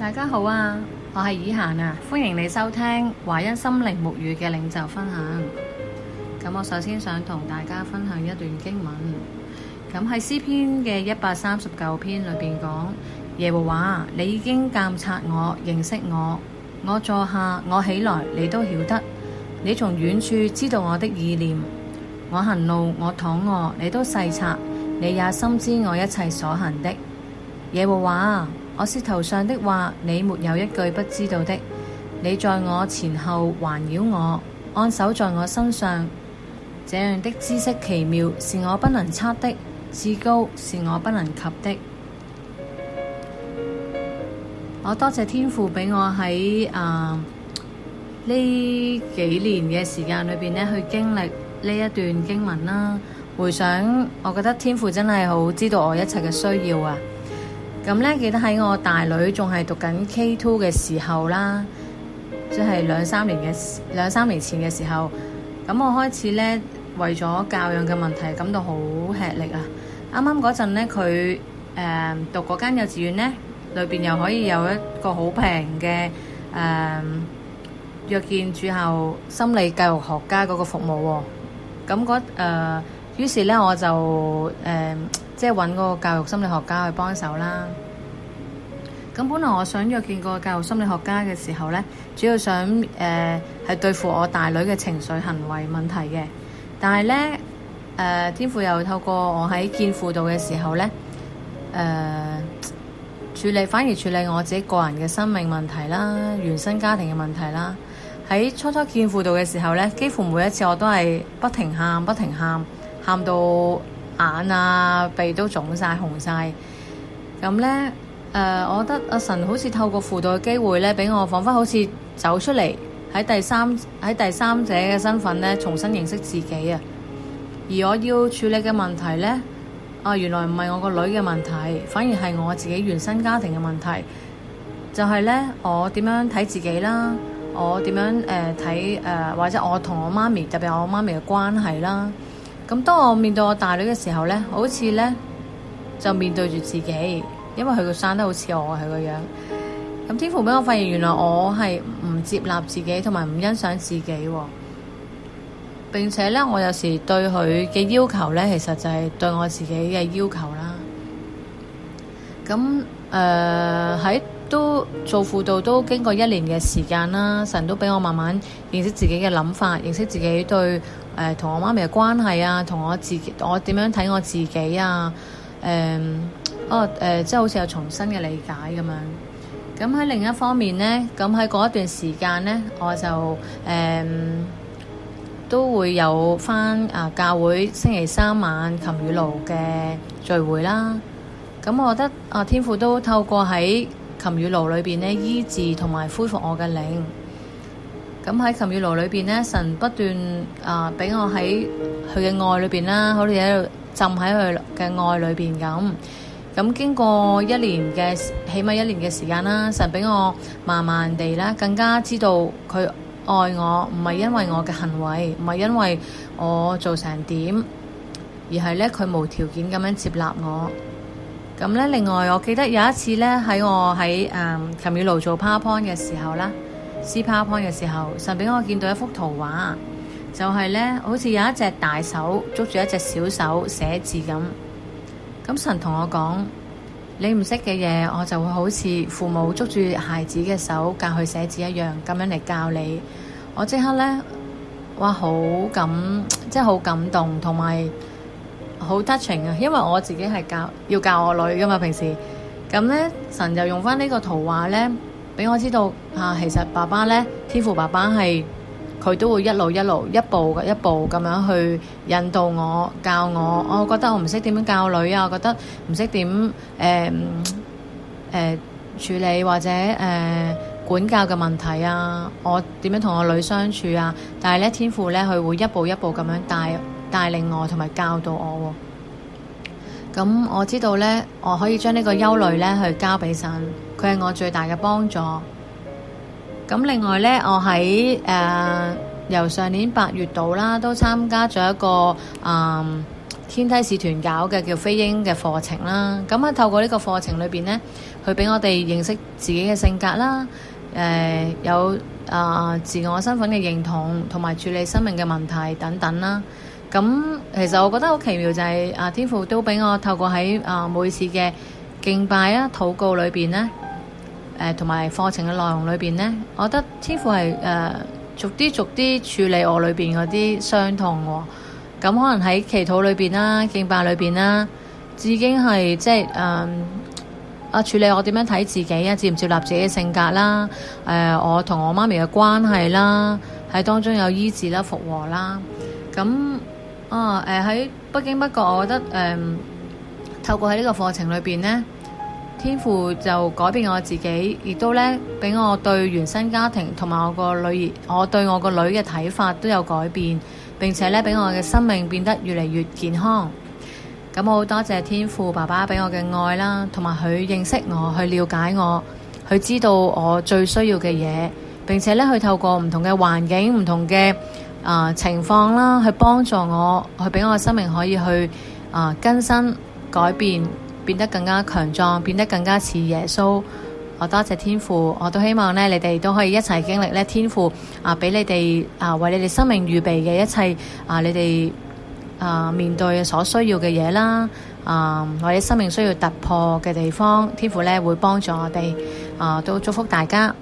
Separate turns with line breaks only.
大家好啊，我係綺嫺啊，歡迎你收聽華恩心靈牧語嘅領袖分享。咁我首先想同大家分享一段經文。咁喺詩篇嘅一百三十九篇裏邊講，耶和華，你已經鑒察我，認識我，我坐下，我起來，你都曉得。你從遠處知道我的意念，我行路，我躺臥，你都細察，你也深知我一切所行的。耶和華，我舌頭上的話，你沒有一句不知道的。你在我前後環繞我，按手在我身上，這樣的知識奇妙，是我不能測的，至高是我不能及的。我多謝天父俾我喺誒呢幾年嘅時間裏邊咧去經歷呢一段經文啦。回想，我覺得天父真係好知道我一切嘅需要啊！咁咧，記得喺我大女仲係讀緊 K2 嘅時候啦，即係兩三年嘅兩三年前嘅時候，咁我開始咧為咗教養嘅問題感到好吃力啊！啱啱嗰陣咧，佢誒讀嗰間幼稚園咧，裏邊又可以有一個好平嘅誒約見駐校心理教育學家嗰個服務喎。咁嗰誒，於是咧我就誒。即係揾嗰個教育心理學家去幫手啦。咁本來我想約見個教育心理學家嘅時候呢，主要想誒係、呃、對付我大女嘅情緒行為問題嘅。但係呢，誒、呃，天父又透過我喺見輔導嘅時候呢誒、呃、處理反而處理我自己個人嘅生命問題啦、原生家庭嘅問題啦。喺初初見輔導嘅時候呢，幾乎每一次我都係不停喊、不停喊，喊到～眼啊鼻都腫晒、紅晒咁呢。誒、呃，我覺得阿神好似透過輔導嘅機會呢，俾我彷彿好似走出嚟喺第三喺第三者嘅身份呢，重新認識自己啊。而我要處理嘅問題呢，啊、呃、原來唔係我個女嘅問題，反而係我自己原生家庭嘅問題，就係、是、呢，我點樣睇自己啦，我點樣誒睇誒或者我同我媽咪特別我媽咪嘅關係啦。咁當我面對我大女嘅時候呢，好似呢，就面對住自己，因為佢個生得好似我，佢個樣。咁天父俾我發現，原來我係唔接納自己，同埋唔欣賞自己喎。並且呢，我有時對佢嘅要求呢，其實就係對我自己嘅要求啦。咁誒喺都做輔導都經過一年嘅時間啦，神都俾我慢慢認識自己嘅諗法，認識自己對。誒同我媽咪嘅關係啊，同我自己，我點樣睇我自己啊？誒、嗯，哦、啊，誒、啊，即、啊、係好似有重新嘅理解咁樣。咁喺另一方面呢，咁喺嗰一段時間呢，我就誒、嗯、都會有返啊，教會星期三晚琴與爐嘅聚會啦。咁我覺得啊，天父都透過喺琴與爐裏邊呢，醫治同埋恢復我嘅靈。咁喺琴月路裏邊咧，神不斷啊俾我喺佢嘅愛裏邊啦，好似喺度浸喺佢嘅愛裏邊咁。咁經過一年嘅，起碼一年嘅時間啦，神俾我慢慢地啦，更加知道佢愛我，唔係因為我嘅行為，唔係因為我做成點，而係咧佢無條件咁樣接納我。咁咧，另外我記得有一次咧，喺我喺啊琴月路做 PowerPoint 嘅時候啦。撕 p o 嘅時候，神便我見到一幅圖畫，就係、是、咧，好似有一隻大手捉住一隻小手寫字咁。咁神同我講：你唔識嘅嘢，我就會好似父母捉住孩子嘅手教佢寫字一樣，咁樣嚟教你。我即刻咧，哇，好感，即係好感動，同埋好得情 u 啊！因為我自己係教要教我女噶嘛，平時咁咧，神就用翻呢個圖畫咧。畀我知道啊，其實爸爸咧，天父爸爸係佢都會一路一路一步一步咁樣去引導我教我。我覺得我唔識點樣教女啊，我覺得唔識點誒誒處理或者誒、呃、管教嘅問題啊，我點樣同我女相處啊？但係咧，天父咧，佢會一步一步咁樣帶帶領我同埋教導我喎。咁我知道呢，我可以將呢個憂慮呢去交俾神，佢係我最大嘅幫助。咁另外呢，我喺誒、呃、由上年八月度啦，都參加咗一個誒、呃、天梯使團搞嘅叫飛鷹嘅課程啦。咁啊，透過呢個課程裏邊呢，佢俾我哋認識自己嘅性格啦，誒、呃、有啊、呃、自我身份嘅認同，同埋處理生命嘅問題等等啦。啊咁其實我覺得好奇妙就係啊，天父都俾我透過喺啊，每次嘅敬拜啊、禱告裏邊咧，誒同埋課程嘅內容裏邊咧，我覺得天父係誒逐啲逐啲處理我裏邊嗰啲傷痛嘅。咁可能喺祈禱裏邊啦、敬拜裏邊啦，已經係即係誒啊處理我點樣睇自己啊、接唔接納自己嘅性格啦、誒我同我媽咪嘅關係啦，喺當中有醫治啦、復和啦，咁。哦，誒喺、啊、不經不覺，我覺得誒、嗯、透過喺呢個課程裏邊咧，天父就改變我自己，亦都咧俾我對原生家庭同埋我個女兒，我對我個女嘅睇法都有改變。並且咧俾我嘅生命變得越嚟越健康。咁、嗯、我好多謝天父爸爸俾我嘅愛啦，同埋佢認識我，去了解我，去知道我最需要嘅嘢。並且咧去透過唔同嘅環境，唔同嘅。啊、呃，情況啦，去幫助我，去畀我嘅生命可以去啊、呃、更新改變，變得更加強壯，變得更加似耶穌。我多謝，謝天父，我都希望咧，你哋都可以一齊經歷咧，天父啊俾、呃、你哋啊、呃，為你哋生命預備嘅一切啊，你哋啊面對所需要嘅嘢啦啊，或、呃、者生命需要突破嘅地方，天父咧會幫助我哋啊、呃，都祝福大家。